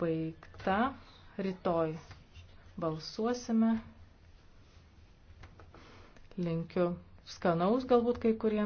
baigta. Rytoj balsuosime. Linkiu skanaus galbūt kai kurie.